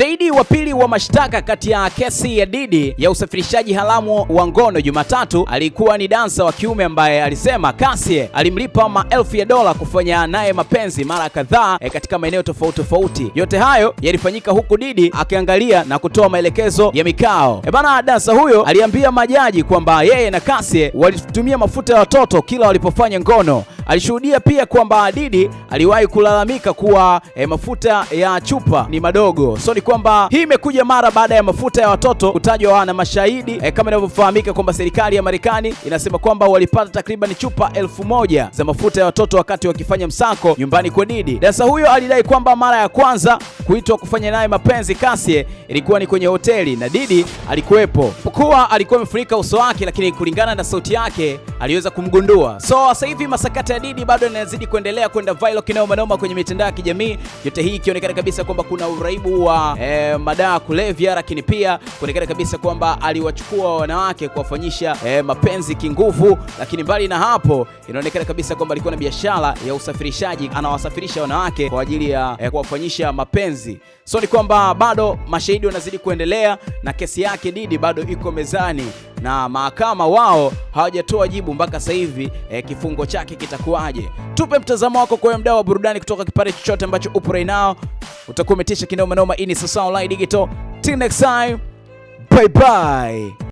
Shahidi wa pili wa mashtaka kati ya kesi ya Diddy ya usafirishaji haramu wa ngono Jumatatu alikuwa ni dansa wa kiume ambaye alisema Cassie alimlipa maelfu ya dola kufanya naye mapenzi mara kadhaa e katika maeneo tofauti tofauti. Yote hayo yalifanyika huku Diddy akiangalia na kutoa maelekezo ya mikao. E bana, dansa huyo aliambia majaji kwamba yeye na Cassie walitumia mafuta ya watoto kila walipofanya ngono. Alishuhudia pia kwamba didi aliwahi kulalamika kuwa eh, mafuta ya chupa ni madogo. So ni kwamba hii imekuja mara baada ya mafuta ya watoto kutajwa na mashahidi eh, kama inavyofahamika kwamba serikali ya Marekani inasema kwamba walipata takriban chupa elfu moja za mafuta ya watoto wakati wakifanya msako nyumbani kwa didi Dasa huyo alidai kwamba mara ya kwanza kuitwa kufanya naye mapenzi Cassie ilikuwa ni kwenye hoteli na Didi alikuwepo, pokuwa alikuwa amefurika uso wake, lakini kulingana na sauti yake aliweza kumgundua. So sasa hivi masakata ya Didi bado yanazidi kuendelea kwenda viral kinao manoma kwenye mitandao ya kijamii, yote hii ikionekana kabisa kwamba kuna uraibu wa eh, madawa kulevya, lakini pia kuonekana kabisa kwamba aliwachukua wanawake kuwafanyisha eh, mapenzi kinguvu, lakini mbali na hapo inaonekana kabisa kwamba alikuwa na biashara ya usafirishaji, anawasafirisha wanawake kwa ajili ya eh, kuwafanyisha mapenzi ulinzi. So ni kwamba bado mashahidi wanazidi kuendelea na kesi yake Diddy bado iko mezani na mahakama wao hawajatoa jibu mpaka sasa hivi e, kifungo chake kitakuwaje? Tupe mtazamo wako kwa mdau wa burudani kutoka kipande chochote ambacho upo right now. Utakuwa umetisha kinoma noma. Ini sasa online digital. Till next time. Bye bye.